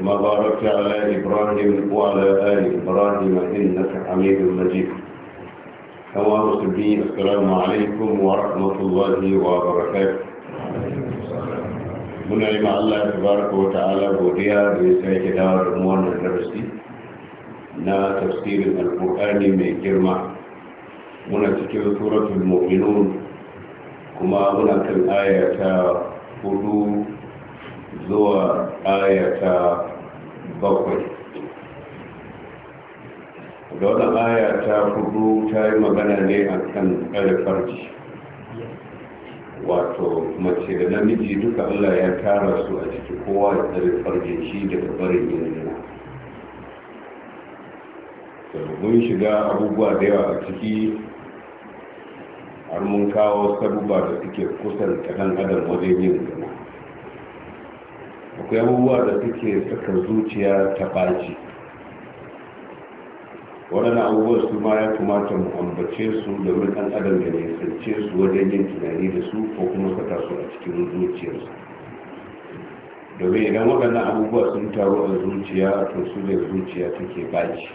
كما باركت على إبراهيم وعلى آل إبراهيم إنك حميد مجيد كما مسلمين السلام عليكم ورحمة الله وبركاته muna yi ma Allah baraka wa ta'ala godiya da ya sake dawo da mu wannan darasi na tafsirin alqur'ani mai girma muna cikin suratul mu'minun kuma muna kan aya ta hudu zuwa aya bakwai da wani aya ta hudu ta yi magana ne a kan tsare farji wato mace da namiji duka allah ya tara su a ciki kowa da tsare farji shi daga barin yanzu mun shiga abubuwa da yawa a ciki har mun kawo sabuwa da suke kusan ɗan adam wajen yin akwai abubuwa da suke saka zuciya ta ɓaci waɗannan abubuwa su ma ya kamata mu ambace su domin ɗan adam da ne sance su wajen yin tunani da su ko kuma saka su a cikin zuciyarsu domin idan waɗannan abubuwa sun taru a zuciya to su da zuciya take ɓaci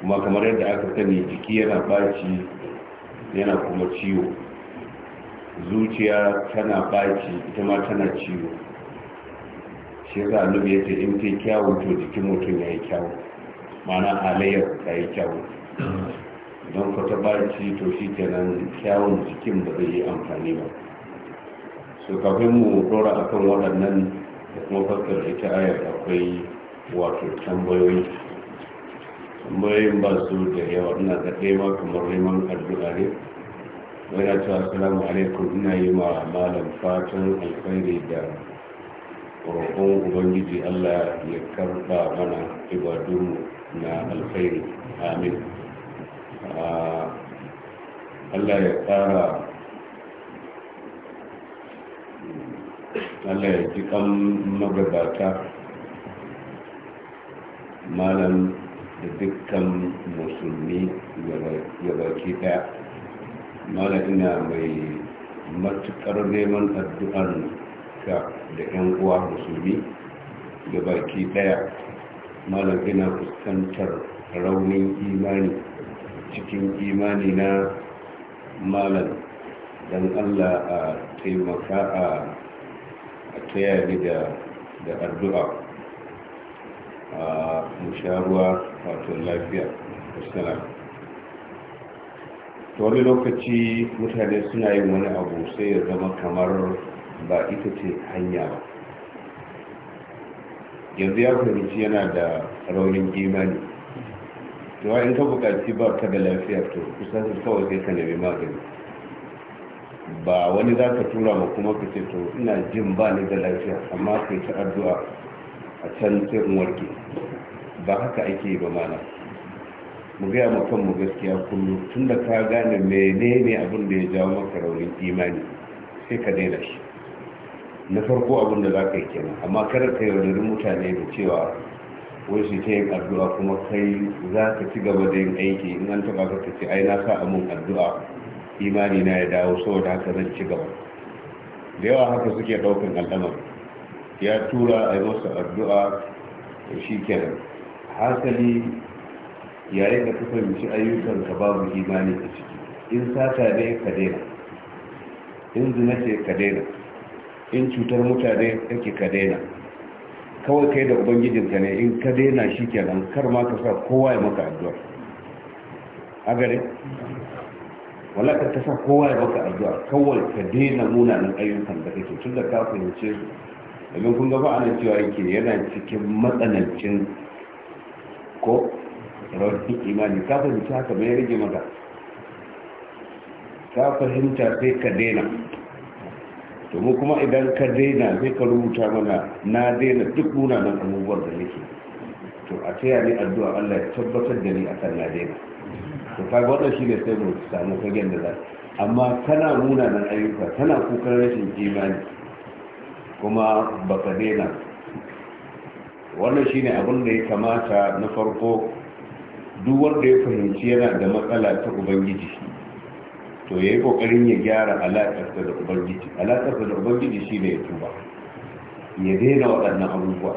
kuma kamar yadda aka sani jiki yana ɓaci yana kuma ciwo zuciya tana baci ita ma tana ciwo shi yasa annabi ya in kai kyawun to jikin mutum ya yi kyawu mana alayyar ta yi kyawu don ka ta barci to shi kenan kyawun jikin ba zai yi amfani ba su kafin mu dora akan waɗannan da kuma fassara ita ayar akwai wato tambayoyi tambayoyin ba su da yawa ina ga ɗaya kamar neman addu'a ne wani ta assalamu alaikum ina yi ma malam fatan alkhairi da roƙon ubangiji allah ya karɓa mana ibadunmu na alkhairi amin allah ya ƙara allah ya ji kan magabata malam da dukkan musulmi ya baki ɗaya malam ina mai matuƙar neman addu'ar ta da 'yan uwa musulmi da baki daya malam ina fuskantar raunin imani cikin imani na malam don allah a taimaka a taya ni da addu'a a musharuwa wato lafiya wassalam to wani lokaci mutane suna yin wani abu sai ya zama kamar ba ita ce hanya ba yanzu ya fahimci yana da raunin imani to in ka bukaci ba ka da lafiya to kusan kawai sai ka nemi magani ba wani za ka tura ma kuma ka ce to ina jin ba ni da lafiya amma kai ta addu'a a can sai in warke ba haka ake yi ba mana mu gaya ma kanmu gaskiya kullum tunda ka gane menene abin da ya jawo maka raunin imani sai ka daina shi na farko abin da za ka yi kenan amma kada ka yaudari mutane da cewa wai su ta yin addu'a kuma kai za ka ci gaba da yin aiki in an taba ka ce ai na sa amin addu'a imani na ya dawo saboda haka zan ci gaba da yawa haka suke daukan al'amar ya tura a yi masa addu'a da shi kenan hasali yayin da ka fahimci ayyukan ka babu imani a ciki in sata ne ka daina in zina ce ka daina in cutar mutane yake ka daina kawai kai da ubangijinka ne in ka daina shi kenan kar ma ka sa kowa ya maka addu'a a gare wala ka ta sa kowa ya maka addu'a kawai ka daina munanan ayyukan da kake tun da ka fahimce su domin kun ga ba ana cewa yake yana cikin matsanancin ko rauni imani ka fahimci haka mai rage maka ka fahimta sai ka daina to mu kuma idan ka daina zai ka rubuta mana na daina duk muna nan abubuwan da nake to a taya ni addu'a Allah ya tabbatar da ni akan na daina to ka ga wannan shine sai mu samu fagen da za amma kana muna nan ayyuka kana kokarin rashin imani kuma baka daina wannan shine abin da ya kamata na farko duk wanda ya fahimci yana da matsala ta ubangiji to ya yi kokarin ya gyara alaƙarsa da ubangiji alaƙarsa da ubangiji ne ya tuba ya daina waɗannan abubuwa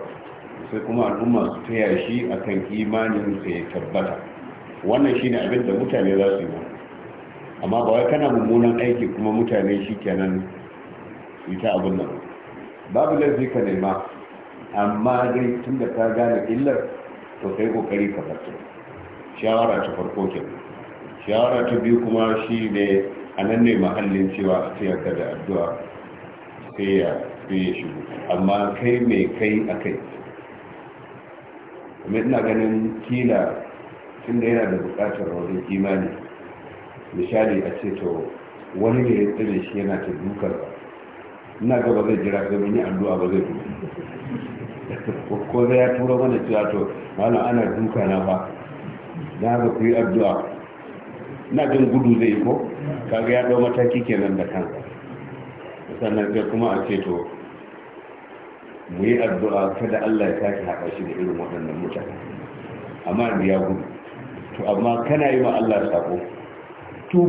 sai kuma al'umma su taya shi akan imanin sa ya tabbata wannan shine abin da mutane za su yi amma ba wai kana mummunan aiki kuma mutane shi kenan su ta abin nan babu laifi ka nema amma dai tun da ka gane illar to kai kokari ka shawara ta farko kenan shawara ta biyu kuma shi ne a nan ne mahallin cewa a yadda da addu'a sai ya fiye shigo amma kai mai kai a kai kuma ina ganin kila tun da yana da bukatar wajen imani misali a ce to wani da ya tsere shi yana ta dukar ba ina ga ba zai jira ga mini yi addu'a ba zai dukar ko zai ya turo mana cewa to malam ana duka na ba na ga ku yi addu'a na jin gudu zai ko kaga ya dau mataki kenan da kanka, sannan sai kuma a ce to mu yi addu'a kada Allah ya saki haɗa shi da irin waɗannan mutane amma da ya gudu to amma kana yi wa Allah sako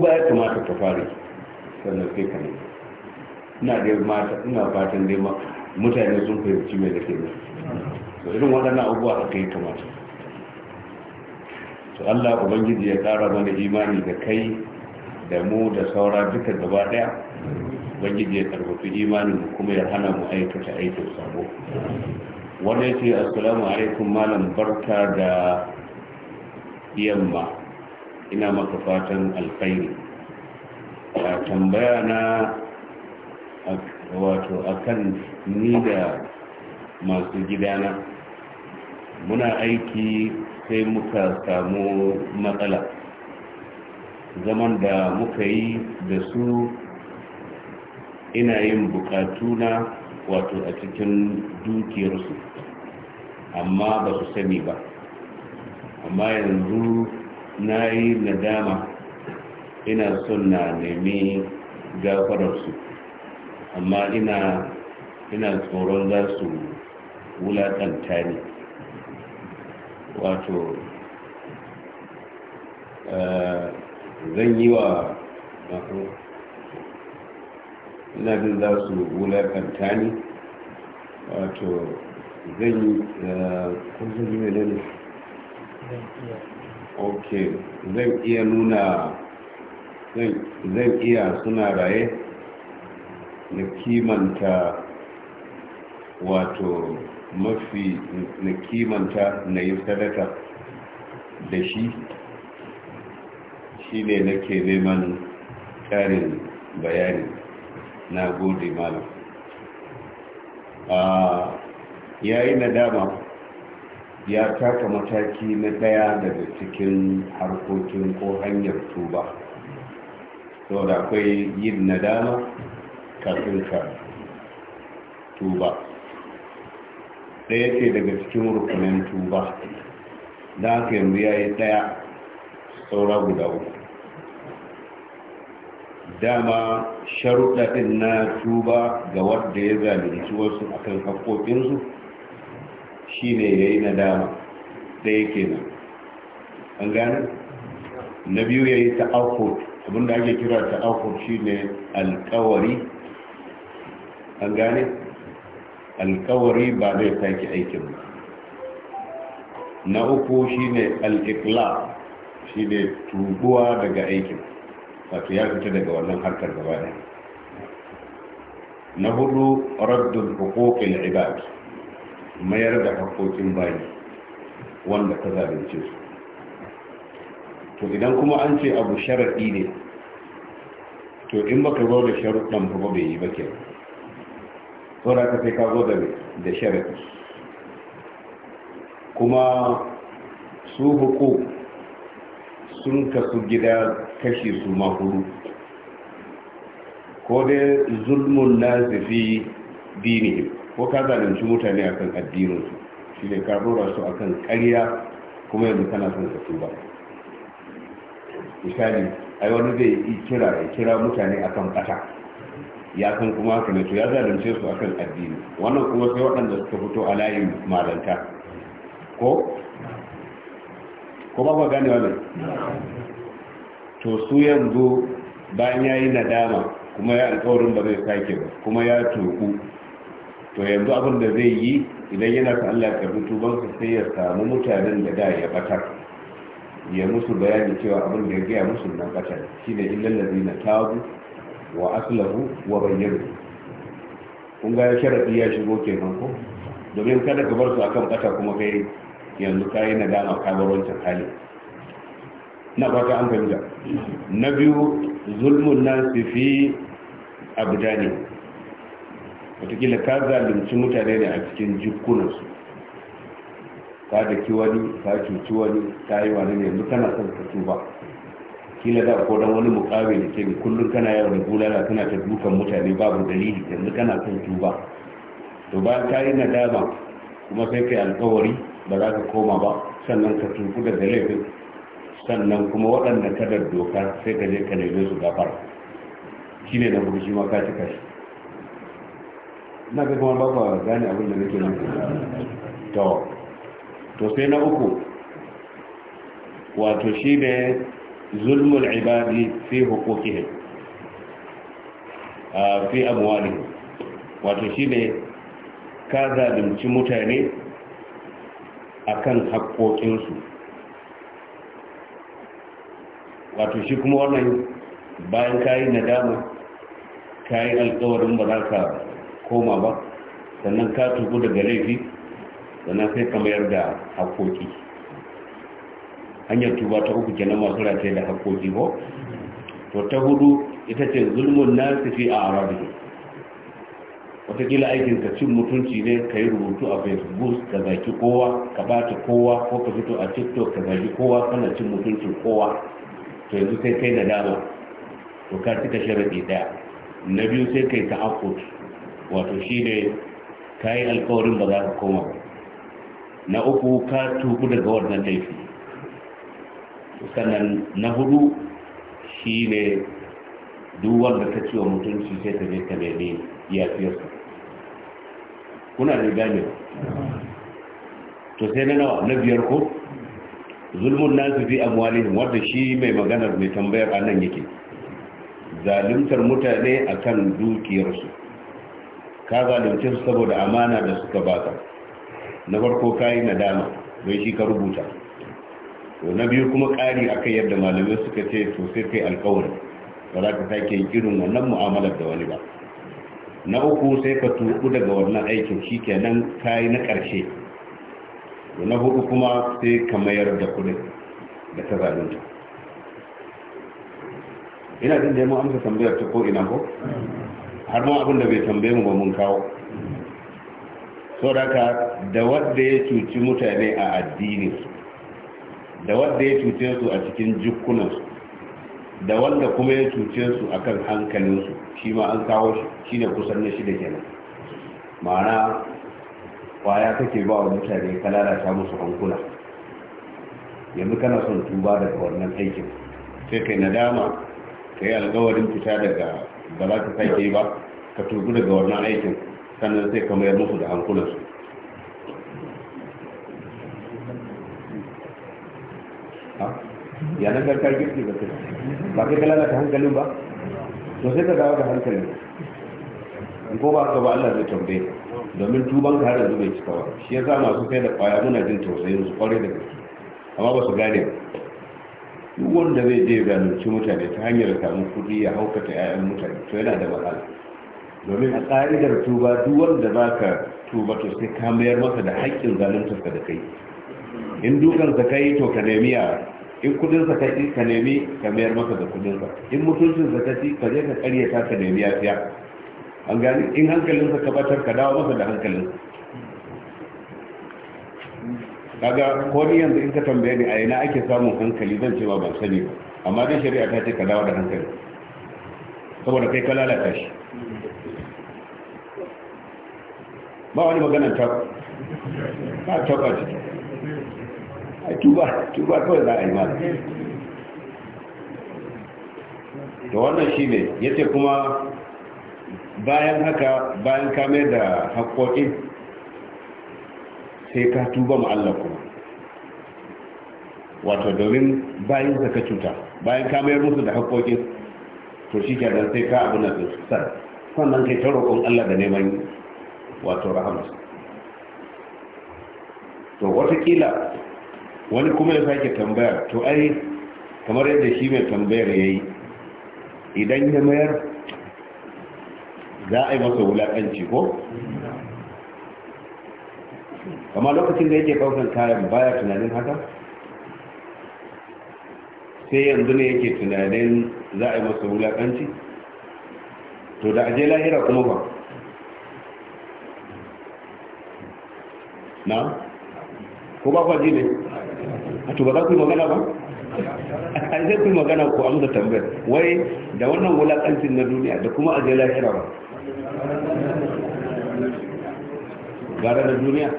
ba ya kamata ka fare sannan sai ka ne ina da mata ina fatan dai mutane sun fahimci me da ke to irin waɗannan abubuwa haka ya kamata to Allah ubangiji ya kara mana imani da kai da mu da saura duka gaba daya ubangiji ya karfafi imanin mu kuma ya hana mu aikata aikin sabo wanda ya ce assalamu alaikum malam barka da yamma ina maka fatan alkhairi a tambaya na wato akan ni da masu gidana muna aiki sai muka samu matsala zaman da muka yi da su ina yin na wato a cikin dukiyarsu amma ba su sani ba amma yanzu na yi nadama ina son na nemi gafararsu amma ina tsoron za su wulatanta ne wato eh, zan yi wa ina jin za su wulakanta ne wato zan yi eh, zan yi da ne ok zan iya nuna zan iya suna raye na kimanta wato mafi na kimanta na yi sadaka da shi shi ne nake neman ƙarin bayani na gode malam ya yi nadama ya taka mataki na daya daga cikin harkokin ko hanyar tuba saboda akwai yin nadama kafin ka tuba ɗaya ce daga cikin rukunin tuba da haka yanzu ya yi ɗaya saura guda uku dama sharuɗaɗin na tuba ga wadda ya zalunci wasu akan haƙoƙinsu ne ya yi nadama ɗaya kenan an gane na biyu ya yi ta'afot abinda ake kira shi shine alkawari an gane alkawari ba zai take aikin ba na uku shi ne al shi ne tubuwa daga aikin wato ya fita daga wannan harkar gaba ɗaya na hudu raddun huquqil ibad mayar da haƙoƙin bayi wanda ta zalunce su to idan kuma an ce abu sharaɗi ne to in baka zo da sharuɗan ba bai yi ba kenan saboda ka sai ka zo da sharafi kuma su huku sun kasu gida kashi su mahuru ko dai zulmun nazifi dini ko ka zalunci mutane akan addininsu shi ne ka rora su akan ƙarya kuma yanzu kana son ka tuba misali ai wani zai kira mutane a mutane akan ƙasa ya san kuma haka ne to ya zalunce su akan addini wannan kuma sai waɗanda suka fito a layin malanta ko ko ba ku gane wannan to su yanzu bayan yayi nadama kuma ya alƙawarin ba zai sake ba kuma ya tuku to yanzu abin da zai yi idan yana sa Allah ya fito ban sai ya samu mutanen da da ya batar ya musu bayani cewa abin da ya gaya musu nan batar shine illal ladina tabu wa aslahu wa bayyana kun ga sharadi ya shigo kenan ko domin kada ka bar su akan kasa kuma kai yanzu kai na dama ka bar wancan hali na fata an fahimta na biyu zulmun nasi fi abdani Wataƙila ka zalunci mutane ne a cikin jikunansu ka da ki wani ka cuci wani ka yi wani yanzu kana son ka tuba kila da ko dan wani mukawi ne ce kullum kana yawan bulala kana ta dukan mutane babu dalili yanzu kana son tuba to ba ka yi nadama kuma sai kai alkawari ba za ka koma ba sannan ka tuku daga laifin sannan kuma waɗanda ka da doka sai ka je ka neme su gafara shi ne na shi ma ka cika shi na ga kuma ba gane abin da nake nan to to sai na uku wato shi ne ظلم العباد في huquqihim في ah, amwalihim wato كذا ka zalunci mutane akan haƙoƙinsu wato shi kuma wannan bayan ka nadama kayi alƙawarin ba za ka koma ba sannan ka tuku daga laifi sannan sai ka mayar da haƙoƙi hanyar tuba ta uku kenan masu rataye da haƙoƙi ko to ta hudu ita ce zulmun na fi a arabi watakila aikin ka cin mutunci ne ka yi rubutu a facebook ka zaki kowa ka bata kowa ko ka fito a tiktok ka zaki kowa kana cin mutunci kowa to yanzu sai kai na dama to ka cika sharaɗi ɗaya na biyu sai kai ta akut wato shi ne ka yi alkawarin ba za ka koma na uku ka tuku daga wannan laifi sannan na hudu shi ne duk wanda ta ciwa mutunci sai ta je ta nemi su kuna da gane to sai na nawa na biyar ko zulmun nasu fi amwali wadda shi mai maganar mai tambayar anan yake zalimtar mutane a kan dukiyarsu ka zalunce su saboda amana da suka baka na farko kayi nadama don shi ka rubuta to na biyu kuma ƙari a kai yadda malamai suka ce to sai kai alƙawari ba za ka sake yin irin wannan mu'amalar da wani ba na uku sai ka tuku daga wannan aikin shi kenan yi na ƙarshe to na hudu kuma sai ka mayar da kuɗin da ka zalunta ina jin da mu amsa tambayar ta ko ina ko har ma abin da bai tambaye mu ba mun kawo saboda da wanda ya cuci mutane a su da wanda ya cuce su a cikin jikunansu da wanda kuma ya cuce su a kan hankalinsu shi ma an kawo shi ne kusan na shida kenan ma'ana kwaya kake ba wa mutane ka lalata musu hankula yanzu kana son tuba daga wannan aikin sai kai nadama ka yi alkawarin fita daga ba za ka sake ba ka tubu daga wannan aikin sannan sai ka mayar musu da hankulansu ya ka girki ba kai ba kai kala ta hankalin ba to sai ka dawo da hankali in ko ba ka ba Allah zai tambaye domin tuban ka har yanzu bai cika ba shi yasa masu kai da kwaya muna jin tausayin su kware da gaske amma ba su gane duk wanda zai je zalunci mutane ta hanyar samun kuɗi ya haukata 'ya'yan mutane to yana da matsala domin a ƙa'idar tuba duk wanda za ka tuba to sai ka mayar masa da haƙƙin ka da kai in dukansa kai to ka nemi yara in kudin sa kai ka nemi ka mayar maka da kudin sa in mutuncin sa kai ka je ka ta ka nemi yafiya an gani in hankalin sa ka batar ka dawo maka da hankalin kaga ko ni yanzu in ka tambaye ni a ina ake samun hankali zan ce ba ban sani ba amma dai shari'a ta ce ka dawo da hankali saboda kai ka lalata shi ba wani maganar ta ta ta a tuba tuba kawai za a yi mana da wannan shi ne ya ce kuma bayan haka bayan kame da haƙoƙi sai ka tuba Allah kuma wato domin bayan ka cuta bayan kame musu da haƙoƙi to shi nan sai ka abin na su sannan kai ta roƙon Allah da neman wato rahama to watakila wani kuma ya sake tambaya to ai kamar yadda shi mai tambayar ya yi idan ya mayar za a yi masa wulaƙanci ko amma lokacin da yake ɗaukar kayan baya tunanin haka sai yanzu ne yake tunanin za a yi masa wulaƙanci to da aje lahira kuma ba na ko ba kwaji ne a to ba za ku yi magana ba a zai ku yi magana ko amsa tambayar wai da wannan wulakancin na duniya da kuma a zai lahira ba gara da duniya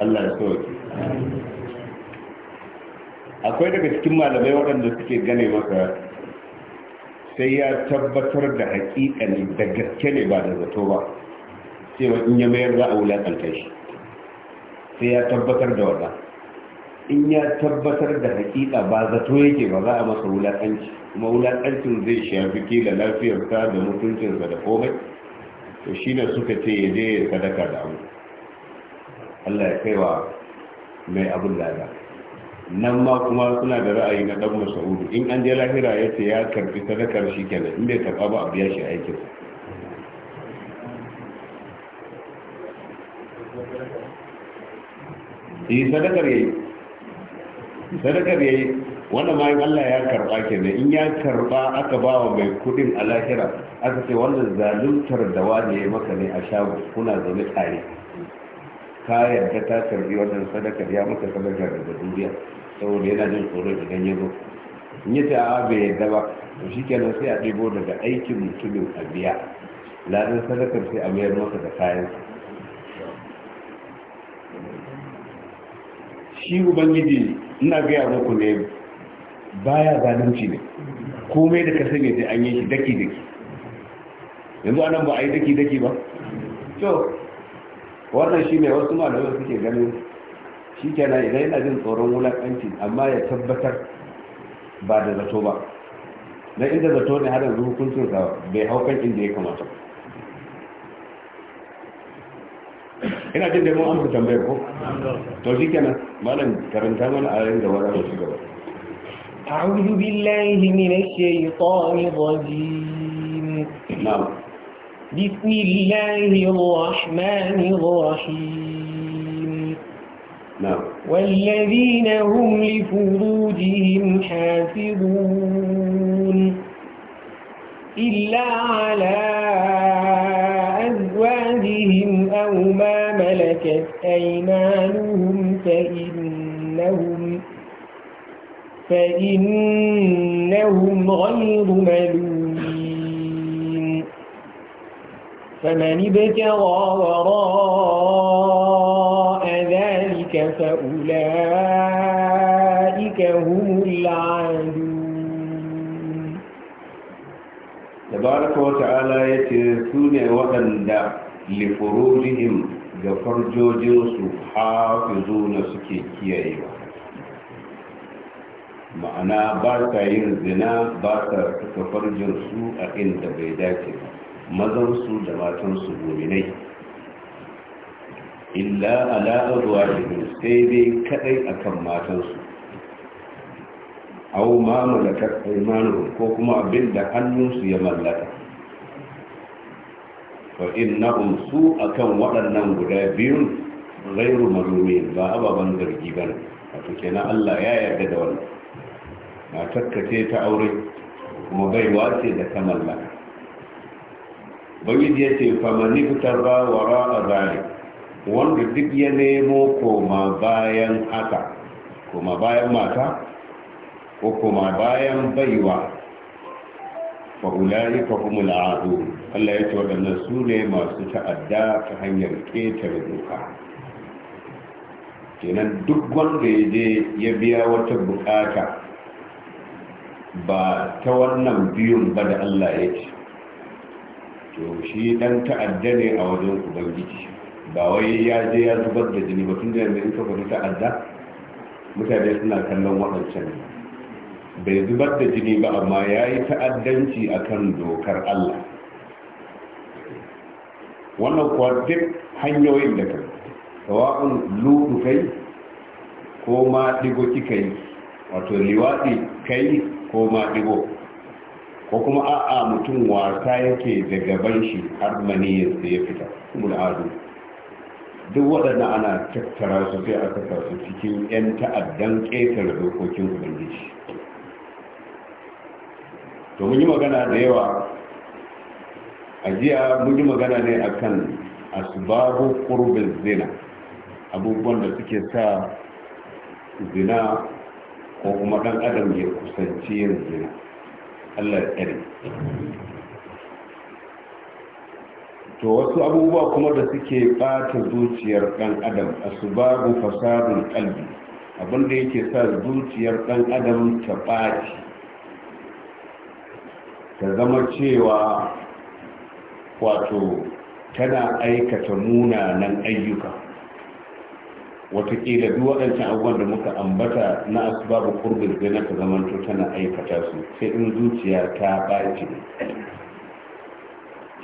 Allah ya sauke akwai daga cikin malamai waɗanda suke gane maka sai ya tabbatar da haƙiƙa da gaske ne ba da zato ba cewa in ya mayar za a wulaƙanta shi sai ya tabbatar da wadda in ya tabbatar da hakika ba zato yake ba za a masa wulaƙanci kuma wulaƙancin zai shafi lafiyar lafiyarsa da mutuncinsa da komai to shi ne suka ce ya je ya sadaka da abu allah ya kai wa mai abin lada nan ma kuma suna da ra'ayi na ɗan masaudu in an je lahira ya ce ya karfi sadakar shi kenan in bai karɓa ba a biya shi aikinsa yi eh, sadakar yayi sadakar yayi wanda bayan Allah ya karba ne, in ya karba aka ba wa mai kudin a lahira aka ce wannan zaluntar da wani ya maka ne a shago kuna zaune tare ka yarda ta karbi wannan sadakar ya maka sadakar da duniya saboda yana jin tsoro idan ya zo in ya ce a ya yarda ba to kenan sai a ɗebo daga aikin mutumin a biya sadakar sai a mayar masa da kayansa shi ubangiji ina gaya muku ne baya zalunci ne komai da ka sani sai an yi shi daki daki yanzu anan ba a yi daki daki ba to wannan shi ne wasu malamai suke ganin shi kenan idan yana jin tsoron wulakanci amma ya tabbatar ba da zato ba na inda zato ne har yanzu hukuncin bai hau inda ya kamata ba ina jin da mun amsa tambayar ko to shi kenan malam karanta mana a yayin gaba da shi gaba أعوذ بالله من الشيطان الرجيم نعم بسم الله الرحمن الرحيم نعم والذين هم لفروجهم حافظون إلا على أزواجهم أو ما ملكت أيمانهم فإنهم فإنهم غير ملومين فمن ابتغى وراء ذلك فأولئك هم العادون تبارك وتعالى يتسون وأندى lifurujihim ga farjojinsu hafizu na suke kiyayewa ma'ana ba ta yin zina ba ta suka farjinsu a inda bai dace mazansu da matansu gominai illa ala'arwa jikin sai dai kadai akan matansu au ma malakar ko kuma Abinda hannunsu ya mallaka fa innahum su kan waɗannan guda biyun ghairu malumin ba ababen zargi ba bane wato na Allah ya yarda da wani. Na takkace ta aure kuma baiwa ce da ta mallaka bagiji ya ce famani fitar ba wa a zari wanda duk ya nemo koma bayan haka koma bayan mata ko koma bayan baiwa fa ulai ka kuma la’adu Allah ya ce waɗannan su ne masu ta'adda ta hanyar ƙetare doka kenan duk wanda ya je ya biya wata bukata ba ta wannan biyun ba da Allah ya ce to shi dan ta'adda ne a wajen ubangiji ba wai ya je ya zubar da jini ba tun da yanzu in ka ta'adda mutane suna kallon waɗancan ne bai zubar da jini ba amma ya yi ta'addanci a kan dokar allah wannan kuwa duk hanyoyin da ka sawa'un lutu kai ko ma ɗigo kika yi wato liwaɗi kai ko ma ɗigo. ko kuma a'a mutum wasa yake da gaban shi har maniyarsa ya fita mul'adu duk waɗanda ana tattara su sai a saka cikin 'yan ta'addan ƙetare dokokin ubangiji to mun yi magana da yawa a jiya mun yi magana ne akan asbabu kurbin zina abubuwan da suke sa zina ko kuma ɗan adam ya kusanci yin zina Allah ya tsare to wasu abubuwa kuma da suke ɓata zuciyar ɗan adam asbabu fasadun ƙalbi abinda yake sa zuciyar ɗan adam ta ɓaci ta zama cewa wato tana aikata munanan ayyuka watakila duk waɗancan abubuwan da muka ambata na asbabu kurbin zina ta to tana aikata su sai in zuciya ta ɓaci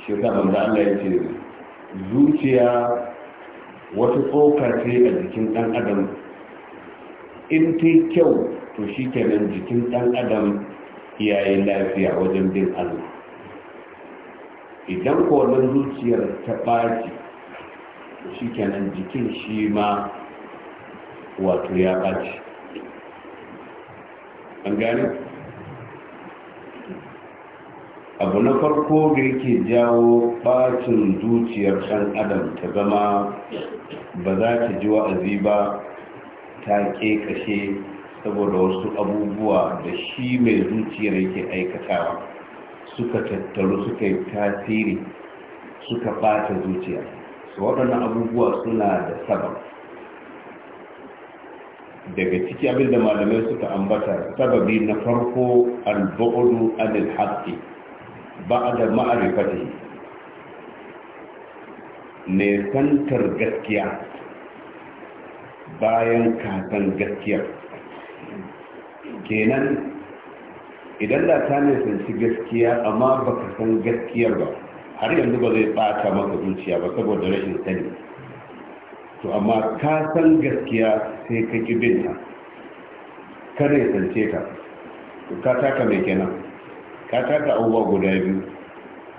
shi ta banza Allah ya ce zuciya wata tsoka ce a jikin ɗan adam in ta kyau to shi kenan jikin ɗan adam kiyaye lafiya wajen bin Allah idan kolon zuciyar ta ɓaci shi kenan jikin shi ma wato ya ɓaci an gane abu na farko da yake jawo ɓacin zuciyar ɗan adam ta zama ba za ta ji wa'azi ba ta ƙe kashe saboda wasu abubuwa da shi mai zuciyar yake aikatawa suka tattaru suka yi tasiri suka bata zuciya su waɗannan abubuwa suna da sabab daga ciki abinda malamai suka ambata sababi na farko albu'udu anil haqqi da ma'rifatihi ne santar gaskiya bayan kakan gaskiyar kenan idan da ta nisanci gaskiya amma ba ka san gaskiyar ba har yanzu ba zai ɓata maka zuciya ba saboda rashin sani to amma ka san gaskiya sai ka ƙi ta ka nisance ta ka taka mai kenan ka taka abubuwa guda biyu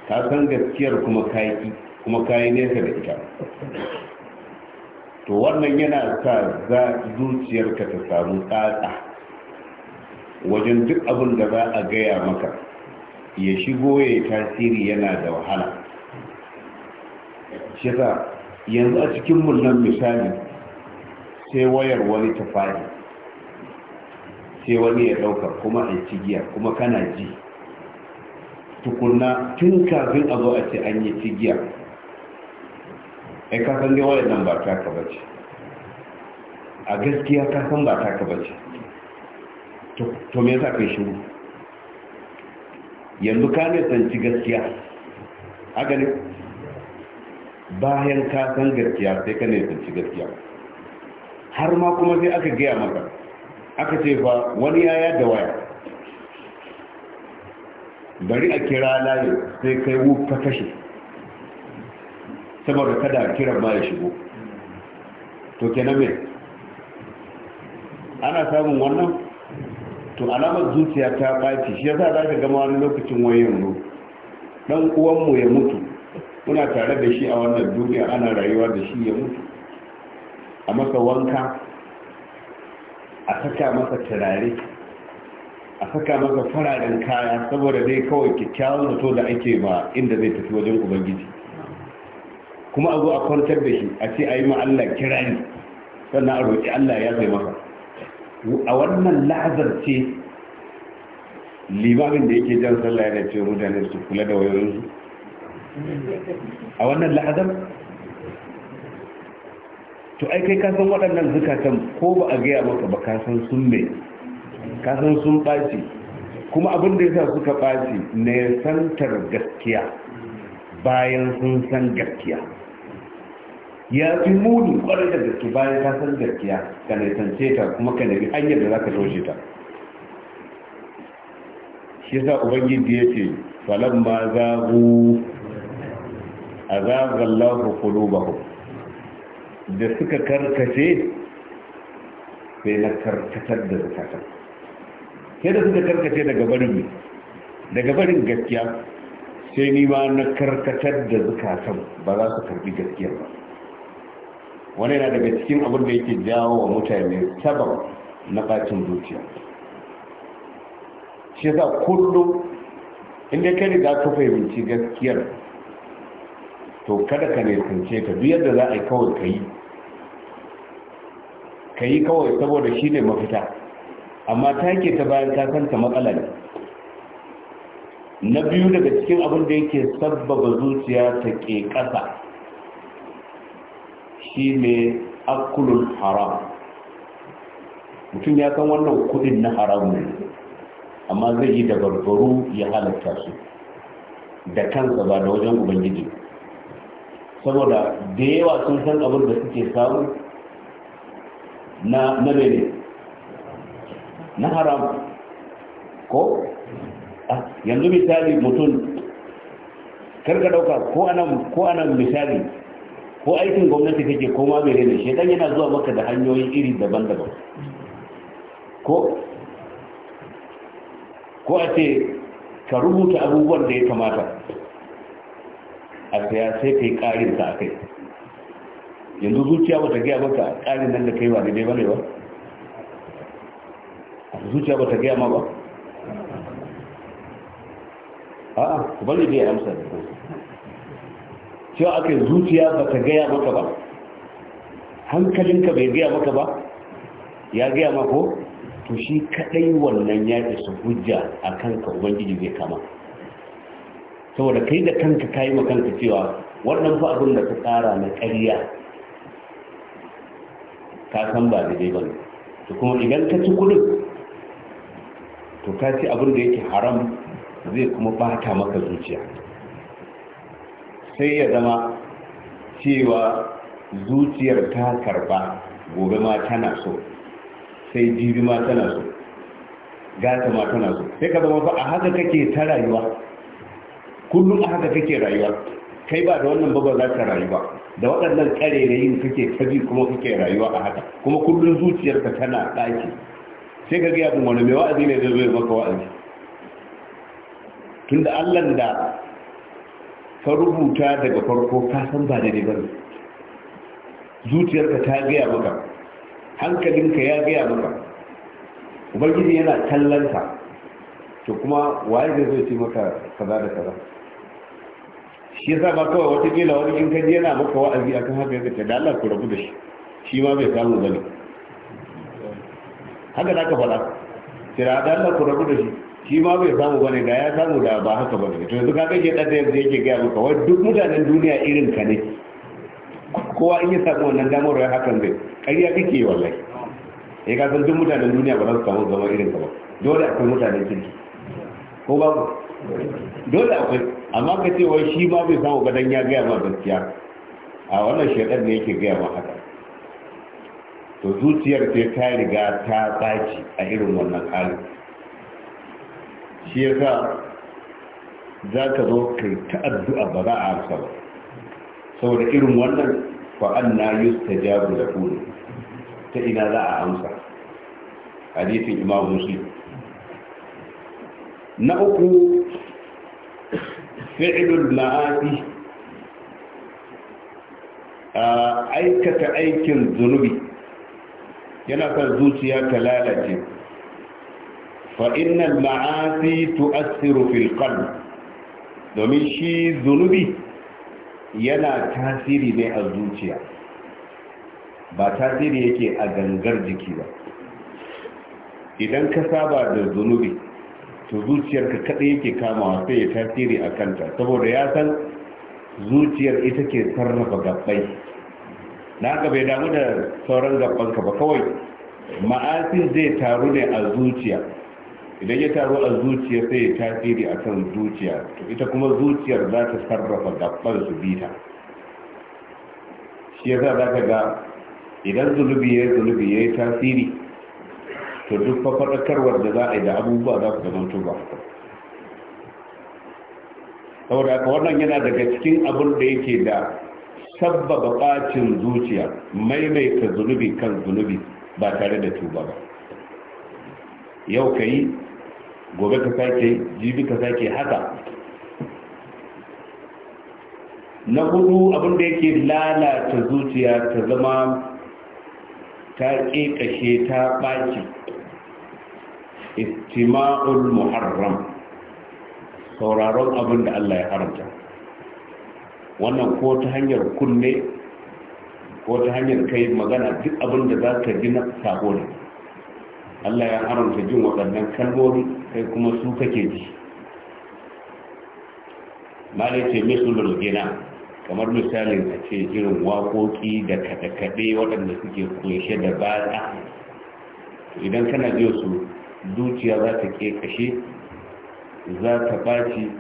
ka san gaskiyar kuma ka yi kuma ka yi nesa da ita to wannan yana sa za zuciyarka ta samu tsatsa wajen duk abin da za a gaya maka ya shigo ya yi tasiri yana da wahala shi yanzu a cikin mullan misali sai wayar wani ta fadi sai wani ya ɗauka kuma a cigiya kuma kana ji tukunna tun kafin a zo a ce an yi cigiya ai kasan gawa wayar nan ba ta kaba ce a gaskiya kasan ba ta kaba ce to me yasa kai shiru yanzu ka ne sanci gaskiya haka ne bayan ka san gaskiya sai ka ne sanci gaskiya har ma kuma sai aka gaya maka aka ce fa wani yaya da waya bari a kira layi sai kai ka kashe saboda kada kiran ba ya shigo to kenan me ana samun wannan to alamar zuciya ta ɓaci shi yasa za ka gama wani lokacin wayan ro dan uwanmu ya mutu muna tare da shi a wannan duniya ana rayuwa da shi ya mutu a masa wanka a saka masa turare a saka masa fararen kaya saboda dai kawai kyakkyawan zato da ake ba inda zai tafi wajen ubangiji kuma a zo a kwantar da shi a ce a yi ma allah kirani sannan a roƙi allah ya zai masa a wannan lahazar ce limamin da yake jan sallah yana ce mutane su kula da wayoyinsu a wannan lahazar to ai kai kasan waɗannan zukatan ko ba a gaya maka ba kasan sun ne kasan sun ɓaci kuma abin da ya sa suka ɓaci ne santar gaskiya bayan sun san gaskiya ya fi muni kwarai da gaske bayan ta san gaskiya ka nisance ta kuma ka nabi hanyar da za ka toshe ta shi sa ubangiji ya ce falon ma ku? a za zagar ba ku da suka karkace sai na karkatar da zukatan sai da suka karkace daga barin daga barin gaskiya sai ni ma na karkatar da zukatan ba za su karbi gaskiyar ba wani yana daga cikin abin da yake jawo wa mutane sabab na ɓacin zuciya shi za kullum inda ka riga ka fahimci gaskiyar to kada ka nisance ka duk yadda za a yi kawai ka yi ka yi kawai saboda shi ne mafita amma ta ke ta bayan ta kanta matsala ne na biyu daga cikin abin da yake sabbaba zuciya ta ke ƙasa shine akulul haram mutum ya san wannan kudin na haram ne amma zai yi da barbaru ya halatta su da kansa ba da wajen ubangiji saboda da yawa sun san abin da suke samu na mene na haram ko ah, yanzu misali mutum karka dauka ko anan misali ko aikin gwamnati kake ko ma mere rene shedan yana zuwa maka da hanyoyi iri daban-daban ko ko a ce ka rubuta abubuwan da ya kamata a saya sai ka yi ƙarin sa a kai yanzu zuciya ba ta gaya maka ƙarin nan da kai ba daidai ba A ba zuciya ba ta gaya ma ba a'a ku bari dai amsa da cewa aka zuciya ba ta gaya maka ba hankalinka bai gaya maka ba ya gaya mako to shi kadai wannan ya isa hujja a kanka ubangiji zai kama saboda kai da kanka kayi ma kanka cewa wannan fa abin da ta tsara na ƙarya ka san ba da ba to kuma idan ka ci kudin to ka ci abin da yake haram zai kuma bata maka zuciya sai ya zama cewa zuciyar ta karba gobe ma tana so sai jibi ma tana so gata ma tana so sai ka zama fa a haka kake ta rayuwa kullum a haka kake rayuwa kai ba da wannan babban za ta rayu ba da waɗannan ƙarerayin kake tabi kuma kake rayuwa a haka kuma kullum zuciyarka tana ɗaki sai ka gaya wani mai wa'azi ne zai zo maka wa'azi tunda allah da ka rubuta daga farko ka san ba da ba ne zuciyarka ta gaya maka hankalinka ya gaya maka ubangiji yana kallon to kuma waye zai zai ce maka kaza da kaza shi yasa ba kawai wata kila wani in kaji yana maka wa'azi akan haka yake da Allah ku rabu da shi shi ma bai samu bane haka ka faɗa tira da Allah ku rabu da shi shi ma bai samu bane da ya samu da ba haka bane to yanzu kaga ke ɗan yanzu yake gaya maka wai duk mutanen duniya irin ka ne kowa in ya samu wannan damar ya hakan zai ƙarya kake yi wallahi eh ka san duk mutanen duniya ba za su samu zama irin ka ba dole akwai mutanen kirki ko babu dole akwai amma ka ce wai shi ma bai samu ba ya gaya ma gaskiya a wannan shekar ne yake gaya ma haka to zuciyar ce ta riga ta tsaci a irin wannan halin shi ya sa za ka zo kai ta addu'a ba za a harsa ba saboda irin wannan fa'an na yi ta jaru da kuni ta ina za a amsa hadisin imam muslim na uku fi'ilul a aikata aikin zunubi yana kan zuciya ta lalace فإن المعاصي تؤثر في القلب domin shi zunubi yana tasiri ne a zuciya ba tasiri yake a gangar jiki ba idan ka saba da zunubi to zuciyarka kaɗai yake kamawa sai ya tasiri a kanta saboda ya san zuciyar ita ke sarrafa gabbai na haka bai damu da sauran gabbanka ba kawai ma'asin zai taru ne a zuciya idan ya taru a zuciya sai ya tasiri a kan zuciya to ita kuma zuciyar za ta sarrafa gabbar su ta? shi yasa za ka ga idan zunubi ya zunubi ya yi tasiri to duk fafaɗakarwar da za a yi da abubuwa za ku zama tuba saboda wannan yana daga cikin abin da yake da sabbaba ɓacin zuciya maimaita zunubi kan zunubi ba tare da tuba ba yau ka yi gobe ka sake jibi ka sake haka na hudu abinda yake lalata zuciya ta zama ta ƙeƙashe ta ɓaci istima'ul muharram sauraron abin da Allah ya haramta wannan ko ta hanyar kunne ko ta hanyar kai magana duk abin da za ka ji na sabo ne Allah ya haramta jin waɗannan kalmomi kai kuma su kake ji malai ce misulul gina kamar misalin a ce irin waƙoƙi da kaɗe waɗanda suke kunshe da baɗa idan kana biyo su zuciya za ta ke kashe za ta ɓaci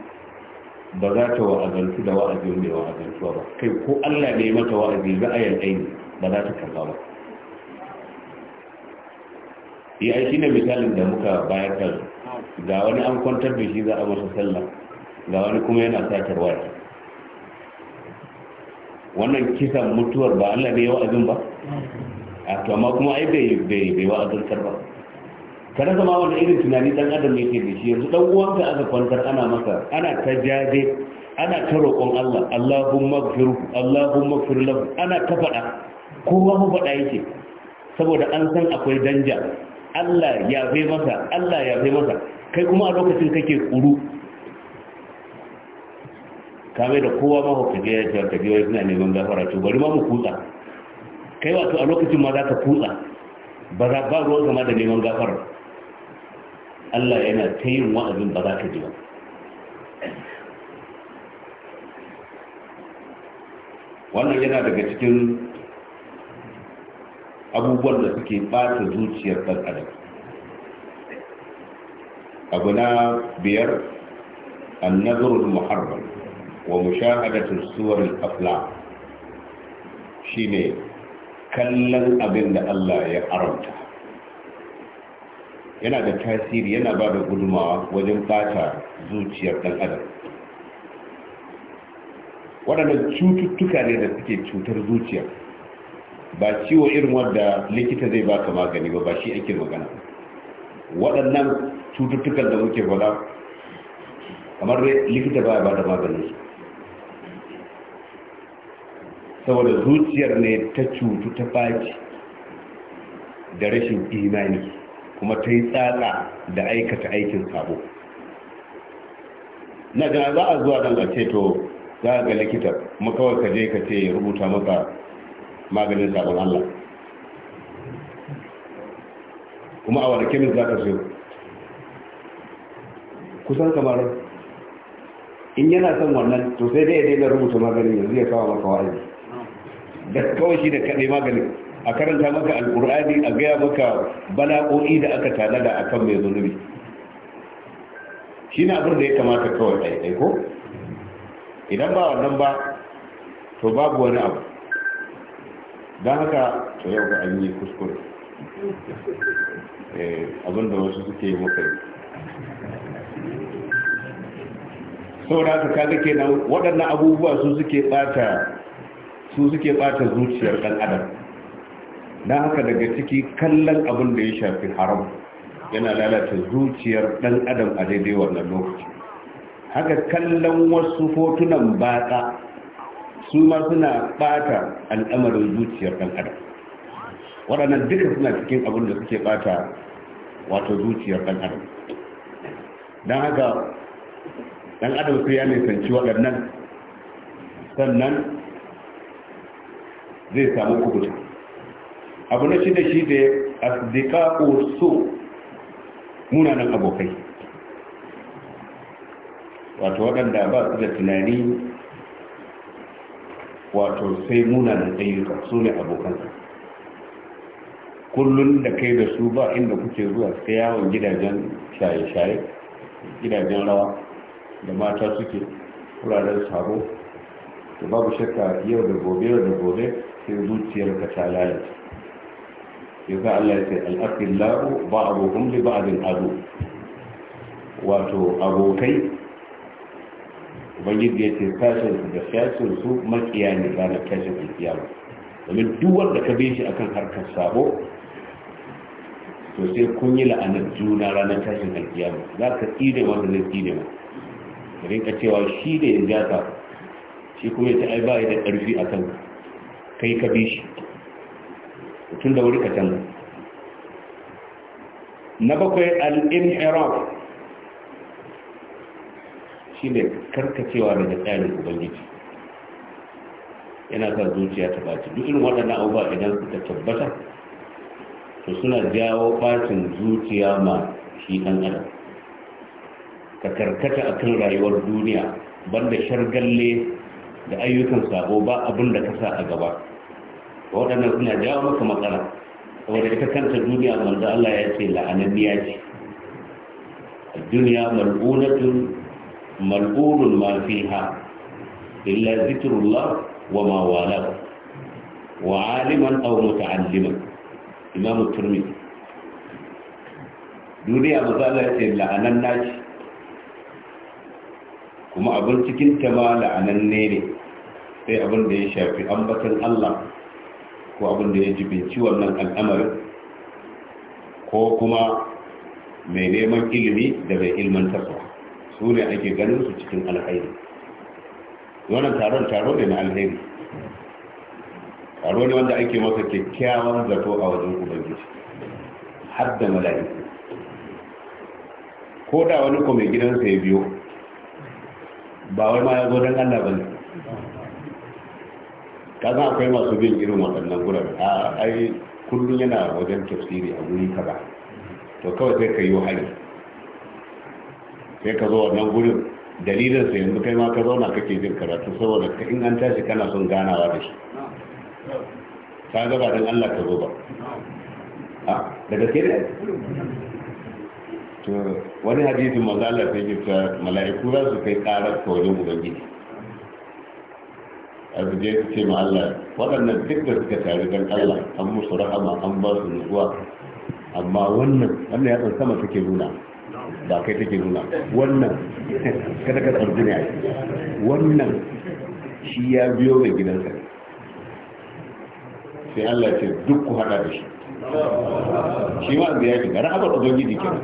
ba za ta wa'azantu da wa'azin mai wa'azantuwa ba kai ko allah ne mata wa'azi za a yankai ba za ta kalla ba ya eh, yi shi ne misalin da muka bayar kan ga wani an kwantar da shi za a masa sallah ga wani kuma yana satar wata wannan kisan mutuwar ba allah ne ya wa'azin ba a to amma kuma ai bai bai wa'azantar ba kada zama wani irin tunani dan adam yake da shi yanzu dan uwanka aka kwantar ana masa ana ta jaje ana ta roƙon Allah Allahumma gfir Allahumma gfir lahu ana ta faɗa kowa mu faɗa yake saboda an san akwai danja Allah ya fi masa Allah ya fi masa kai kuma a lokacin kake kuru kame da kowa ma hukaje ya ta ka wani suna neman gafara to bari ma mu kutsa kai wato a lokacin ma za ka kutsa ba za ba ruwan kama da neman gafara Allah yana ta yin wa'azin ba za ka ji ba wannan yana daga cikin abubuwan da suke bata zuciyar ɗan adam abu na biyar annazarul muharram wa mushahadatul suwarul afla shine kallon abin da Allah ya haramta yana da tasiri yana ba da gudumawa wajen bata zuciyar ɗan adam waɗannan cututtuka ne da suke cutar zuciya ba ciwo irin wanda likita zai baka magani ba ba shi ake magana waɗannan cututtukan da muke faɗa kamar likita ba ba da magani. saboda zuciyar ne ta cutu ta faci da rashin imani kuma ta yi tsaka da aikata aikin sabo na jana za a zuwa don a ce to za a ga likita makawar ka je ka ce rubuta maka maganin sabon Allah kuma a wani kemis za ka so kusan kamar in yana son wannan to sai dai ya daina rubuta maganin yanzu ya kawo maka wa'azi da kawai shi da kaɗai maganin a karanta maka alƙur'ani a gaya maka bala'o'i da aka tanada a kan mai zunubi shi na abin da ya kamata kawai ɗaiɗaiko idan ba wannan ba to babu wani abu don haka to yau ga an yi kuskure eh, abin da wasu suke yi muka Sau da haka kaga kenan waɗannan abubuwa su suke ɓata su suke ɓata zuciyar ɗan adam don haka daga ciki kallon abin da ya shafi haram yana lalata zuciyar ɗan adam a daidai wannan lokaci haka kallon wasu hotunan batsa su ma suna bata al'amarin zuciyar ɗan adam waɗannan duka suna cikin abin da suke bata wato zuciyar ɗan adam don haka ɗan adam sai ya nisanci waɗannan sannan zai samu kubuta abu na shida shi da asidika so munanan abokai wato waɗanda ba su da tunani wato sai munanan ayyuka su ne abokansa kullum da kai da su ba inda kuke zuwa sai yawon gidajen shaye-shaye gidajen rawa da mata suke wuraren sabo da babu shakka yau da gobe yau da gobe sai zuciyar ka ta lalata ya ga Allah ya ce al'afin la'u ba abokan da ba abin ado wato abokai ubangiji ya ce kashe su da kashe su makiya ne ranar tashin alkiyama domin duk wanda ka bi shi akan harkar sabo to sai kun yi la'anar juna ranar tashin alkiyama za ka tsire wanda zai tsire ma ka rinka cewa shi da ya gata shi kuma ya ce ai ba da ƙarfi akan kai ka bi shi tun da wuri ka canza na bakwai al-inhiraf shine karkacewa daga tsarin ubangiji yana sa zuciya ta baci duk irin waɗannan abubuwa idan suka tabbata to suna jawo bacin zuciya ma shi ɗan adam ka karkata a kan rayuwar duniya banda shargalle da ayyukan sabo ba abin da ka sa a gaba waɗannan suna jawo maka matsala saboda ita kanta duniya manzo Allah ya ce la'ananniya ce duniya mal'unatun mal'ulun ma fiha illa zikrullah wa ma wala wa aliman aw muta'alliman imam turmi duniya mazala ce la'anan naci kuma abin cikin ta ma la'anan ne ne sai abin da ya shafi ambatan Allah ko abin da ya jibinci wannan al'amarin ko kuma mai neman ilimi da mai ilmantarwa su ne ake ganin su cikin alhairi wannan taron taro ne na alheri taro ne wanda ake masa kyakkyawan zato a wajen ubangiji har da mala'iku ko da wani ko mai gidansa ya biyo ba wai ma ya zo don allah ba ne kaza akwai masu bin irin waɗannan gurare a ai kullum yana wajen tafsiri a wuri kaza to kawai sai ka yi wahali. sai ka zo wannan gurin dalilin sa yanzu kai ma ka zauna kake jin karatu saboda ka in an tashi kana son ganawa da shi ka ga ba dan Allah ka zo ba a ah, da gaske ne to wani hadisi manzo Allah sai ya ce mala'iku za su kai karar ka wajen ubangiji abu da ya ce ma Allah waɗannan duk da suka taru don Allah an musu rahama an ba su nutsuwa amma wannan wannan ya san sama take nuna ba kai take nuna wannan kada ka tsarki ne wannan shi ya biyo mai gidansa sai Allah ce duk ku hada da shi shi ma da ya shiga rahabar ubangiji kenan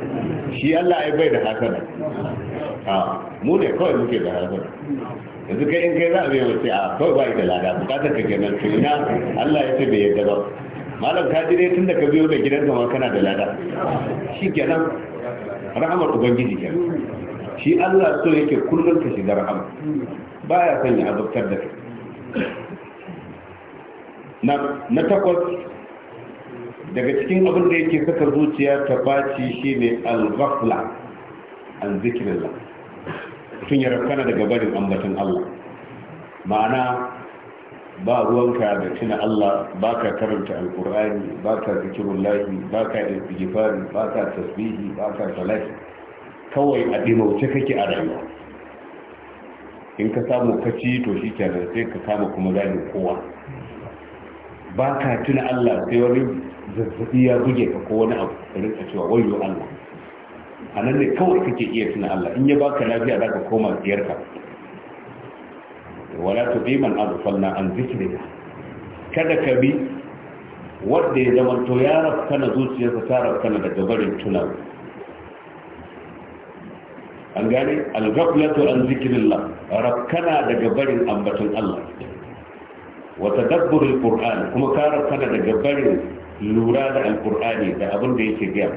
shi Allah ai bai da hasana a mu ne kawai muke da hasana yanzu kai in kai za a biya mace a kawai ba ita lada bukatar ka kenan to ina Allah ya ce bai yadda ba malam ka ji dai tun da ka biyo da gidanka ma kana da lada shi kenan rahamar ubangiji ke shi Allah so yake kullum ka shiga rahama baya son ya azabtar da kai na takwas daga cikin abin da yake saka zuciya ta baci ne al-ghafla an la, tun ya rafkana daga barin ambaton Allah ma'ana ba ruwanka da tuna Allah ba ka karanta alkur'ani ba ka zikirun lahi ba ka istighfari ba ka tasbihi ba ka salati kawai a dimauce kake a rayuwa in ka samu kaci to shi kenan sai ka kama kuma gani kowa ba ka tuna Allah sai wani zazzabi ya buge ka ko wani abu da rinka cewa wayo Allah a nan ne kawai kake iya tuna Allah in ya baka lafiya za ka koma ziyarka wala ta tubi man aghfalna an zikrina kada ka bi wanda ya zama to ya rafkana zuciyarsa ta rafkana daga barin tunan an gane al-ghaflatu an zikrillah rafkana daga barin ambaton Allah wata dabbur al-qur'an kuma ka rafkana daga barin lura da al-qur'ani da abin da yake gaya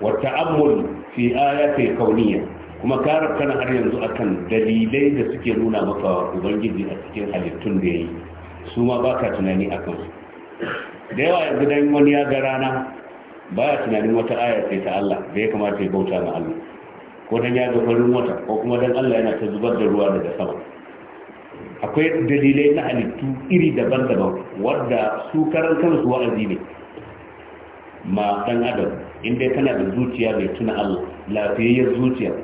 wa ta'ammul fi ayati kauniyya kuma karar kana har yanzu akan dalilai da suke nuna maka ubangiji a cikin halittun da ya yi su ma ba ka tunani a kansu da yawa yanzu dan wani ya ga rana ba ya tunanin wata aya sai ta Allah da ya kamata ya bauta ma Allah ko dan ya ga farin wata ko kuma dan Allah yana ta zubar da ruwa daga sama akwai dalilai na halittu iri daban-daban wadda su karan kansu wa'azi ne ma dan adam in dai kana da zuciya mai tuna Allah lafiyayyar zuciya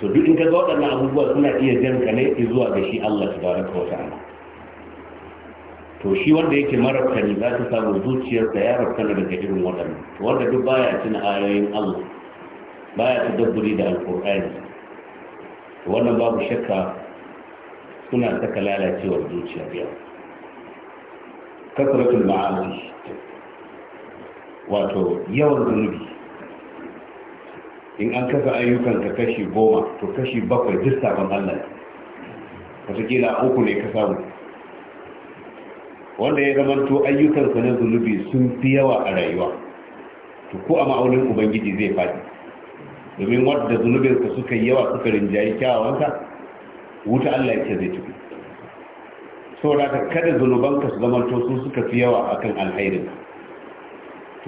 so duk in ka ga waɗannan abubuwa suna iya jan ka ne zuwa ga shi Allah tabaraka wa ta'ala to shi wanda yake marabta ne za ta samu zuciyarsa ya rabtana daga irin waɗannan to wanda duk baya cin ayoyin Allah baya ta dabburi da alƙur'ani wannan babu shakka suna saka lalacewar zuciya yau kasratul ma'asi wato yawan zunubi in an kafa ayyukan ka kashi goma to kashi bakwai duk sabon allah wataƙila uku ne ka samu wanda ya zamanto ayyukansa na zunubi sun fi yawa a rayuwa to ko a ma'aunin ubangiji zai faɗi domin wadda zunubinsa suka yi yawa suka rinjayi kyawawanka wuta allah ya ce zai tafi saboda kada zunubanka su zamanto su suka fi yawa akan alhairinka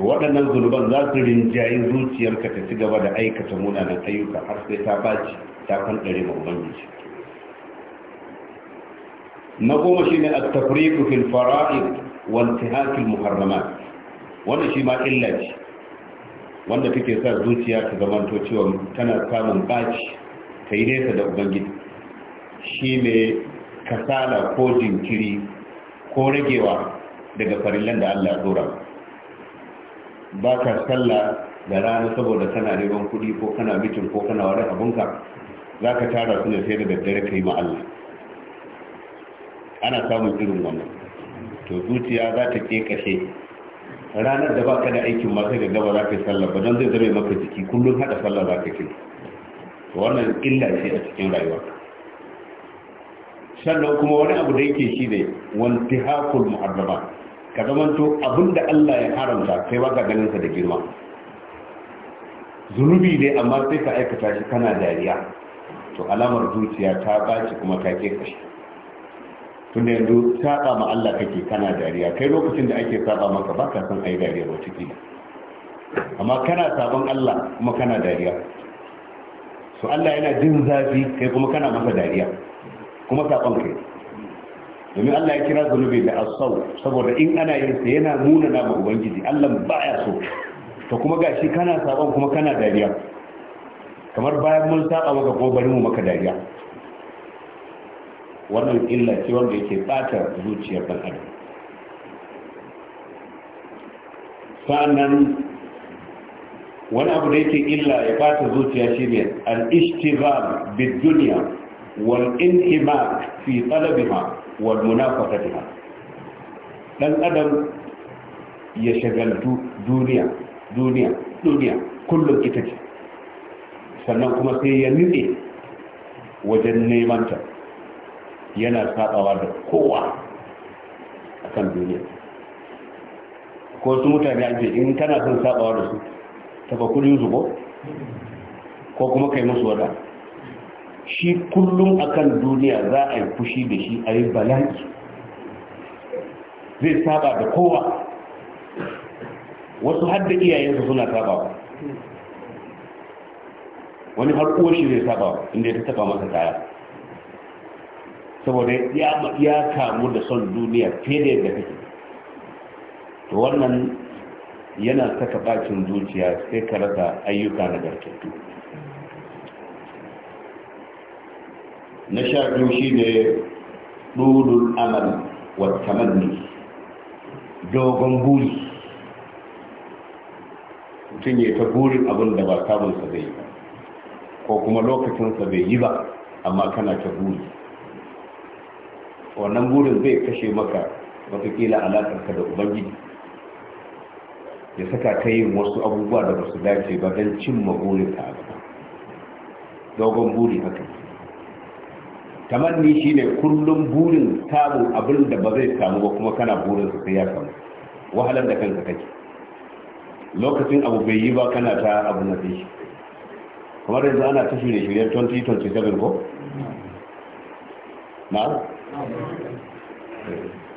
waɗannan zunuban za su rinjayi zuciyarka ta ci gaba da aikata munanan ayyuka har sai ta baci ta kan ɗare ma ubangiji na goma ne a tafriqu kufin fara'in wa intihak muharrama wanda shi ma illa ce wanda take sa zuciya ta zamanto cewa tana samun baci ta yi nesa da ubangiji shi ne kasala ko jinkiri ko ragewa daga farillan da Allah ya ba ba ka sallah da rana saboda kana neman kuɗi ko kana mitin ko kana wani abunka za ka tara su ne sai da daddare ka yi ma Allah ana samun irin wannan to zuciya za ta ke kashe ranar da baka da aikin ma sai da gaba za ka yi ba don zai zame maka jiki kullum haɗa sallah za ka yi wannan illa ce a cikin rayuwa. sannan kuma wani abu da yake shi ne tihakul muharrama ka zamanto abinda Allah ya haramta kai ba ka ganin ka da girma zunubi ne amma sai ka aikata shi kana dariya to alamar zuciya ta baci kuma ta ke kashi tun da yanzu saba ma Allah kake kana dariya kai lokacin da ake saba maka ba ka san ai dariya ba ciki amma kana sabon Allah kuma kana dariya so Allah yana jin zafi kai kuma kana masa dariya kuma sabon kai domin Allah ya kira zunubi da asau saboda in ana yin sa yana nuna na ma ubangiji Allah ya so to kuma gashi kana saban kuma kana dariya kamar bayan mun saba maka ko bari mu maka dariya wannan illa ce wanda yake bata zuciyar dan adam sa'annan wani abu da yake illa ya bata zuciya shi ne al-ishtighal bid-dunya wal inhimak fi talabiha wal munafaqatiha dan adam ya shagaltu duniya duniya duniya kullum ita ce sannan kuma sai ya nitse wajen neman ta yana sabawa da kowa akan duniya ko su mutane an ce in kana son sabawa da su taba kudin su ko ko kuma kai musu wada shi kullum akan duniya za a yi fushi da shi a yi bala'i zai saba da kowa wasu hadda iyayensa suna saba wani har shi zai saba inda ta taba masa kaya saboda ya kamu da son duniya fiye da yadda kake to wannan yana saka bacin zuciya sai ka rasa ayyuka na gartattu na sha biyu shi ne ɗudun amal watamanni dogon buri mutum ya ta burin abin da ba samunsa zai yi ba ko kuma lokacinsa bai yi ba amma kana ta buri wannan burin zai kashe maka watakila alaƙarka da ubangiji ya saka ta yin wasu abubuwa da ba su dace ba don cimma burinka a gaba dogon buri haka tamanni ne kullum burin samun abin da ba zai samu ba kuma kana burin su sai ya samu wahalar da kanka kake lokacin abu bai yi ba kana ta abu na shi kamar yanzu ana ta shirye shiryen 2027 ko na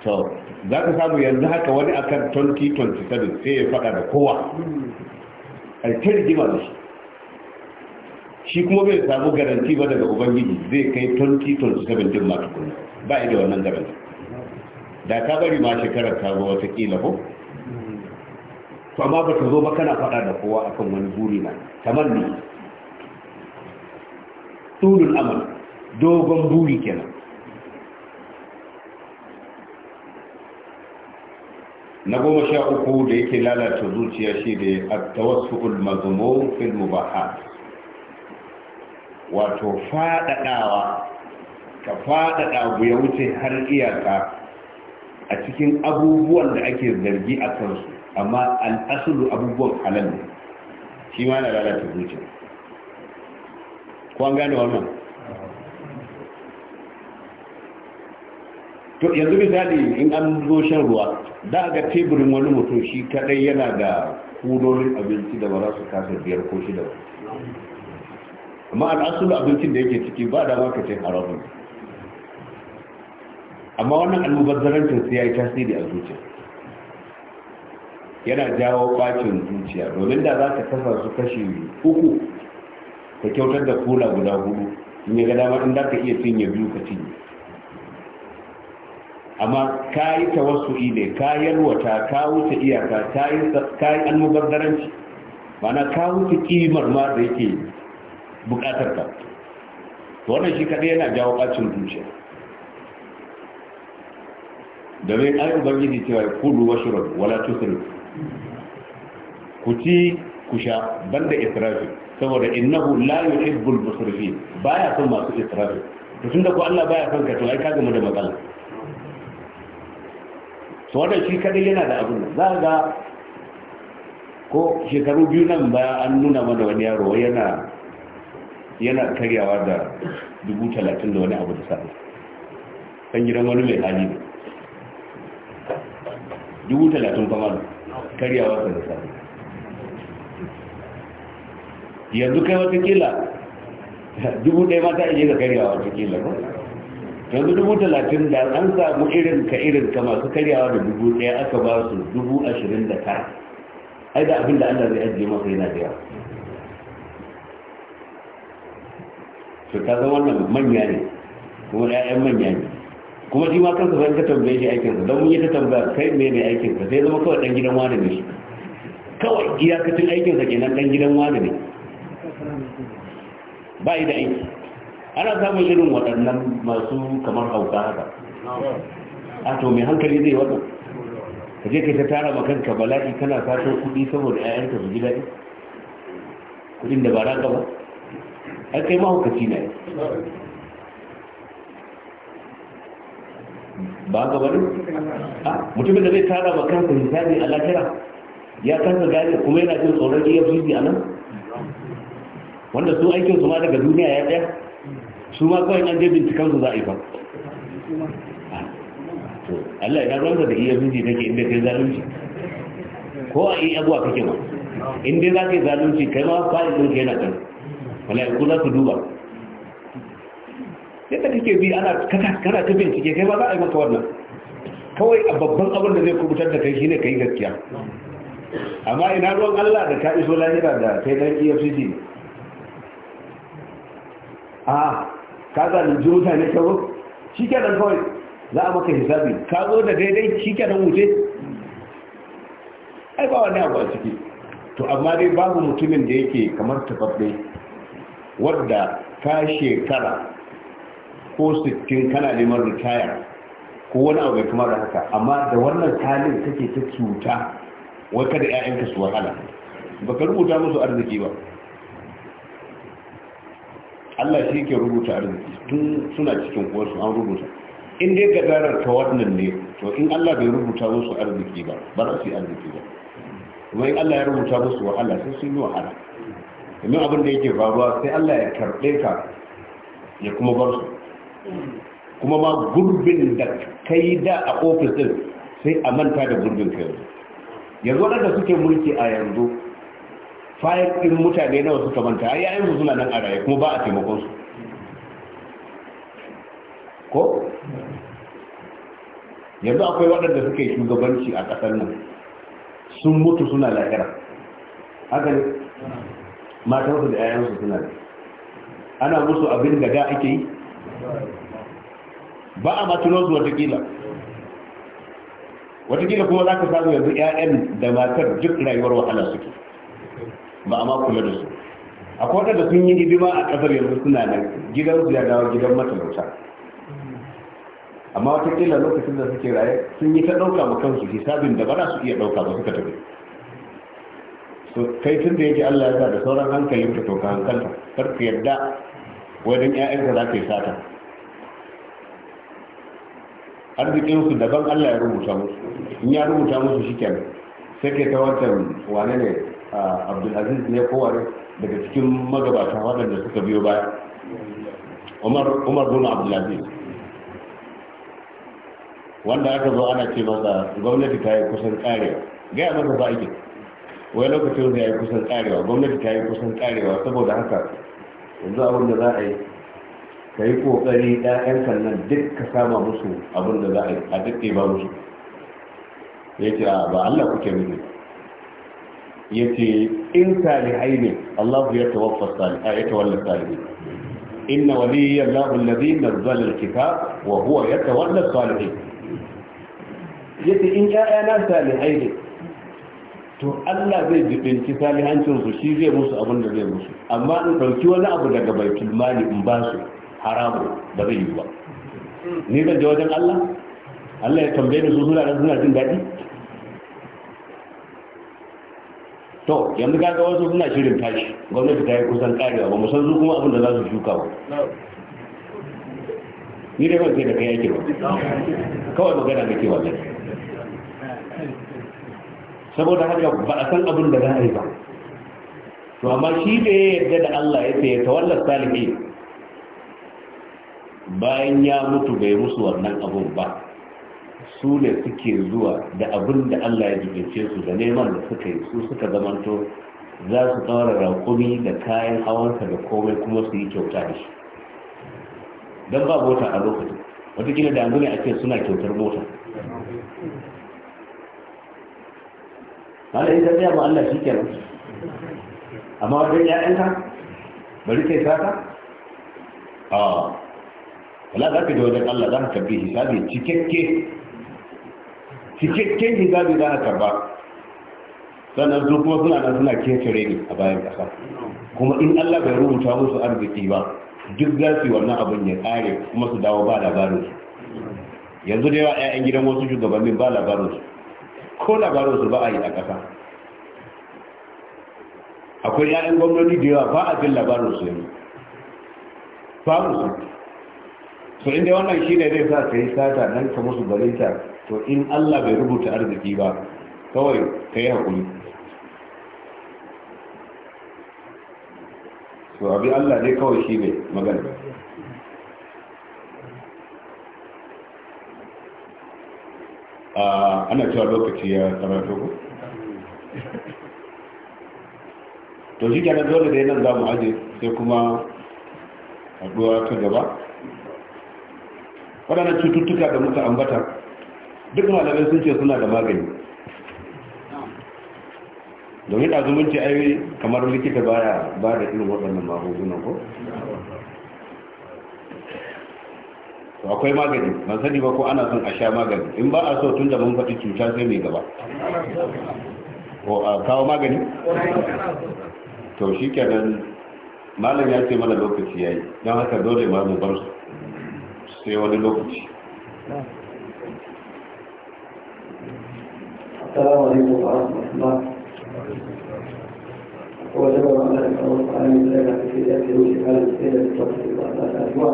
to za ka samu yanzu haka wani akan 2027 sai ya fada da kowa a ta rigima da shi shi kuma bai samu garanti ba daga ubangiji zai kai 2027 din ma tukuna ba da wannan garanti da ka bari ma shekarar ta zo wata kila ko to amma ba ta zo ba kana faɗa da kowa akan wani buri na kamar ni tulul amal dogon buri kenan na goma sha uku da yake lalata zuciya shi da a tawassul mazmum fil mubahat wato faɗaɗawa ka faɗaɗa ya wuce har iyaka a cikin abubuwan da ake zargi a kansu amma al'asulu abubuwan halal ne shi ma na lalata zuciya kwan gane wannan to yanzu misali in an zo shan ruwa da ga teburin wani mutum shi kadai yana da kudorin abinci da ba za su kasa biyar ko shida ba amma al'asul abincin da yake ciki ba da maka ce haramun amma wannan almubazzarancin sai ya yi tasiri a zuciya yana jawo bacin zuciya domin da za ka kasa su kashi uku ka kyautar da kula guda hudu in ya ga dama in za ka iya ya biyu ka cinye amma ka yi ta wasu ile ka yalwata ka wuce iyaka ka yi almubazzaranci mana ka wuce kimar ma da yake bukatar ka wannan shi kadai yana jawo bacin zuciya domin ai ubangiji cewa kudu wa shurab wala tusrif ku ci ku sha banda israfi saboda innahu la yuhibbul musrifin baya son masu israfi to tunda ko Allah baya son ka to ai ka gama da matsala to wannan shi kadai yana da abin za ga ko shekaru biyu nan ba an nuna mana wani yaro yana yana karyawa da dubu talatin da wani abu da sa'a kan gidan wani mai hali ne dubu talatin kuma karyawa da sa'a yanzu kai wata kila dubu ɗaya mata iya ga karyawa ta kila ba yanzu dubu talatin da an samu irin ka irin ka masu karyawa da dubu ɗaya aka ba su dubu ashirin da ta, ai da abin da allah zai ajiye masa yana da yawa to zama wannan manya ne kuma ƴaƴan manya ne kuma shi ma kansa ban ka tambaye shi aikinsa don mun yi ta tambaya kai me ne ka sai zama kawai dan gidan wani ne shi kawai iyakacin sa kenan dan gidan wani ne ba yi da aiki ana samun irin waɗannan masu kamar hauka haka a to mai hankali zai wato ka je ka ta tara kanka bala'i kana sato kuɗi saboda 'ya'yanka su ji daɗi kuɗin da ba na ai kai mahaukaci ne ba ga bari mutumin da zai tara ma kansa hisabi a lafiya ya kansa gane kuma yana jin tsoron efcc a nan wanda su aikin su ma daga duniya ya tsaya su ma kawai an je bincikan su za a yi ba Allah ya ranta da efcc take inda kai zalunci ko a yi e abuwa kake ma inda za ka yi zalunci kai ma fa'idin ke yana kan mala'iku za su duba yadda kake bi ana kana ta cike kai ba za a yi maka wannan kawai a babban abin da zai kubutar da kai shine kai gaskiya amma ina ruwan Allah da ka iso lahira da kai dan EFCC a ka juta ne ko shi nan kawai za a maka hisabi ka zo da daidai shi nan wuce ai ba wani abu a ciki to amma dai babu mutumin da yake kamar tababbe wadda ka shekara ko sittin kana neman ritaya ko wani abu mai kamar da haka amma da wannan talin kake ta cuta wai kada 'ya'yanka su wahala ka rubuta musu arziki ba Allah shi ke rubuta arziki tun suna cikin kowarsu an rubuta in dai gadarar ta wannan ne to in Allah bai rubuta musu arziki ba ba za su yi arziki ba kuma in Allah ya rubuta musu wahala sai sun yi wahala domin abin da yake faruwa sai Allah ya karɓe ka ya kuma bar su kuma ma gurbin da kai da a ofis sai a manta da gurbin ka yanzu yanzu waɗanda suke mulki a yanzu fayar ɗin mutane nawa suka manta a yayin su suna nan a raye kuma ba a taimakon su ko yanzu akwai waɗanda suke shugabanci a ƙasar nan sun mutu suna lahira haka ne matansu da 'ya'yansu suna da ana musu abin da da ake yi ba a matuno su watakila watakila kuma za ka samu yanzu 'ya'yan da matar duk rayuwar wahala suke ba a makula da su kwanar da sun yi hidima a ƙasar yanzu suna da gidan ya dawo gidan matalauta amma watakila lokacin da suke raye sun yi ta ɗauka ma kansu hisabin da ba su iya ɗauka ba suka tafi kai tun da yake Allah ya sa da sauran hankali ka to ka hankalta kar ka yadda wajen ƴaƴanka za ka yi sata arzikin su daban Allah ya rubuta musu in ya rubuta musu shikenan sai ke ta wancan wane ne Abdulaziz ne ko daga cikin magabata waɗanda suka biyo baya Umar Umar bin Abdulaziz wanda aka zo ana ce masa gwamnati ta yi kusan karewa gaya masa ba aikin wai lokacin da ya yi kusan karewa gwamnati ta yi kusan karewa saboda haka yanzu abin da za a yi ka yi kokari ɗayan sannan duk ka sama musu abin da za a yi a duk ba musu ya ce ba Allah kuke nufi ya ce in salihai ne Allah ya tawaffa salihai ya tawalla salihai inna waliyya Allah allazi nazzala al-kitab wa huwa yatawalla salihai ce in ƴaƴana salihai ne to Allah zai jibinci su shi zai musu abin da zai musu amma in ɗauki wani abu daga baitul mali in ba su haramu ba zai yi ba ni zan je wajen Allah Allah ya tambaye ni su suna nan suna jin daɗi to yanzu ga wasu suna shirin tashi gwamnati ta yi kusan karewa ba musan su kuma abin da za su shuka ba ni dai ban kai da kai yake ba kawai magana kake wajen saboda haka ba a san abin da za a yi ba to amma shi da ya yarda da Allah ya ce ta wallar salihi bayan ya mutu bai musu wannan abun ba su ne suke zuwa da abin da Allah ya jikince su da neman da suka yi su suka zamanto za su ɗaura raƙumi da kayan hawansa da komai kuma su yi kyauta da shi don ba mota a lokacin wata gina ne a ce suna kyautar mota wanda in ka ma Allah shi kenan amma wajen ƴaƴanka bari kai sata a wala za ka je wajen Allah za ka karbi hisabi cikakke cikakken hisabi za ka ba sannan duk kuma suna nan suna ketare ne a bayan ƙasa kuma in Allah bai rubuta musu arziki ba duk za su yi wannan abin ya kare kuma su dawo ba labarin su yanzu da yawa 'ya'yan gidan wasu shugabannin ba labarin su ko labarin su ba a yi a ƙasa akwai 'ya'yan gwamnati da yawa ba a jin labarin su yanzu mu su so inda wannan shi ne zai sa ka yi sata nan ka musu barinta to in allah bai rubuta arziki ba kawai ka yi haƙuri to abi allah ne kawai shi ne magana Ah, ana cewa lokaci ya karatu ku to shi kenan dole da yanar za mu aje sai kuma haduwa ta gaba waɗannan cututtuka da muka ambata duk malamai sun ce suna da magani domin zumunci ai kamar likita baya ba da irin waɗannan magungunan ko to akwai magani ban sani ba ko ana son a sha magani in ba a so tun da mun faɗi cuta sai mai gaba ko a kawo magani to shi kenan malam ya ce mana lokaci ya yi don haka dole ma mu bar sai wani lokaci السلام عليكم ورحمة الله وجب على الله تعالى في ذاته وجعل السيرة في الله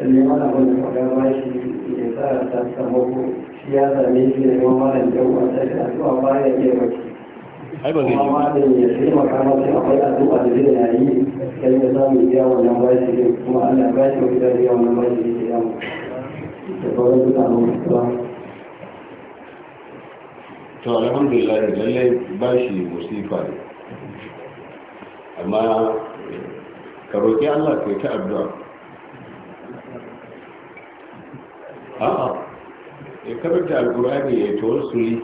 lalle mana wanda faɗa ba shi ya sa ta samu shi ya same shi da yawan malam yau a tashi addu'a ba ya iya baki kuma malam ya taimaka masa akwai addu'a da zai na yi sai ya samu biya wannan bashi ne kuma Allah ba shi wata biya wannan bashi ne ya mu da sauran su samu mutuwa. to alhamdulillah lallai bashi musifa amma ka roƙi Allah ka yi ta addu'a a'a ya karanta alkur'ani ya tawar suli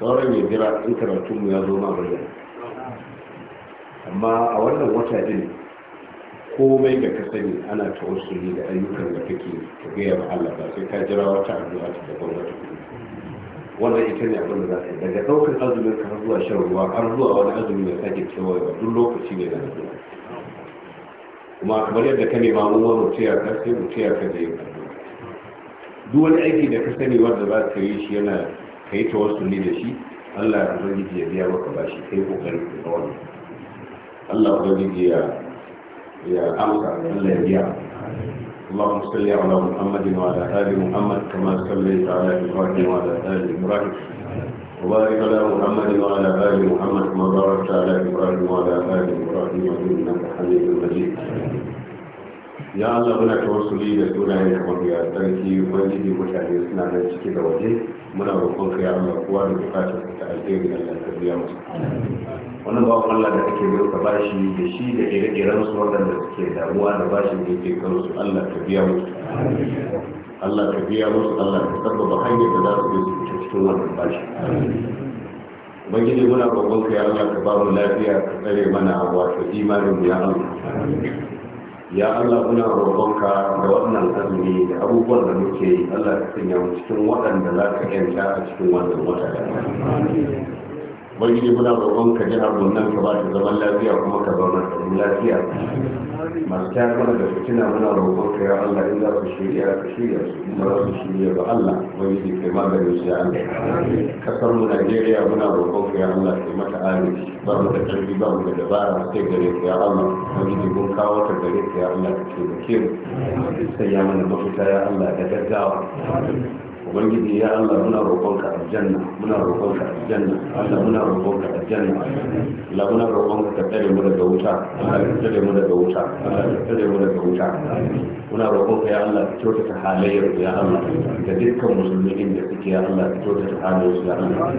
sauran ya jira in karatu mu ya zo ma bayyana amma a wannan wata din komai da ka sani ana tawar suli da ayyukan da kake ka gaya ma Allah ba sai ka jira wata addu'a ta daban wata wannan ita ne abin da za ka yi daga ɗaukar azumin ka har zuwa shan ruwa har zuwa wani azumi da sake kewayewa duk lokaci ne da addu'a kuma kamar yadda ka nema mu wa mutiya ka sai mutiya ka je ka duk wani aiki da ka sani wanda ba ka yi shi yana ka yi tawassuli da shi Allah ya ubangiji ya biya maka ba shi kai kokarin ka ga wannan Allah ubangiji ya ya amsa Allah ya biya اللهم صل على محمد وعلى ال محمد كما صليت على ابراهيم وعلى ال ابراهيم وبارك على محمد وعلى ال محمد كما باركت على ابراهيم وعلى ال ابراهيم انك حميد مجيد ya Allah muna tawassuli da sunayen ka mafiya tsarki ubangiji mutane suna nan ciki da waje muna roƙon ka ya Allah kowa da bukatar ta alheri Allah ka biya musu wannan ba Allah da kake bai ka bashi da shi da ire-iren su wanda suke damuwa da bashi, da yake kansu Allah ka biya musu Allah ka biya musu Allah ka sabbaba hanyar da za su bi su fita cikin wannan bashi ubangiji muna roƙon ka ya Allah ka ba mu lafiya ka tsare mana wato imanin ya Allah ya Allah muna roƙonka da wannan azumi da abubuwan da muke yi Allah ka sanya mu cikin waɗanda za ka yanka a cikin wannan wata da Ubangiji muna roƙonka jihar Borno ka ba ta zaman lafiya kuma ka zauna da lafiya masu tayar mana da fitina muna roƙon ya Allah in za ku shirya ka shirya su in za ku shirya ba Allah wani ne kai maganin su ya Allah kasar mu Najeriya muna roƙon ya Allah kai mata agaji ba mu da ƙarfi ba mu da dabara sai gare ka ya Allah wani ne mun kawo ta gare ka ya Allah ka taimake mu sai ya mana mafita ya Allah da gaggawa ubangiji ya Allah muna roƙonka aljanna muna roƙonka aljanna Allah muna roƙonka aljanna Allah muna roƙonka ka tsare mu daga wuta Allah ka tsare mu daga wuta Allah ka tsare mu daga wuta muna roƙonka ya Allah ka kyautata halayyar ya Allah da dukkan musulmi inda suke ya Allah ka kyautata halayyar ya Allah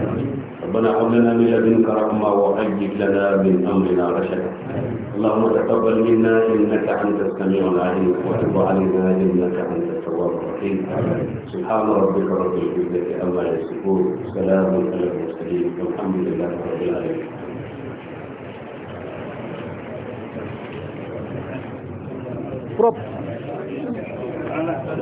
ربنا هب لنا من لدنك رحمة وهيئ لنا من أمرنا رشدا اللهم تقبل منا إنك أنت السميع العليم وتب علينا إنك أنت التواب الرحيم سبحان ربك رب العزة عما يصفون سلام على المرسلين والحمد لله رب العالمين prop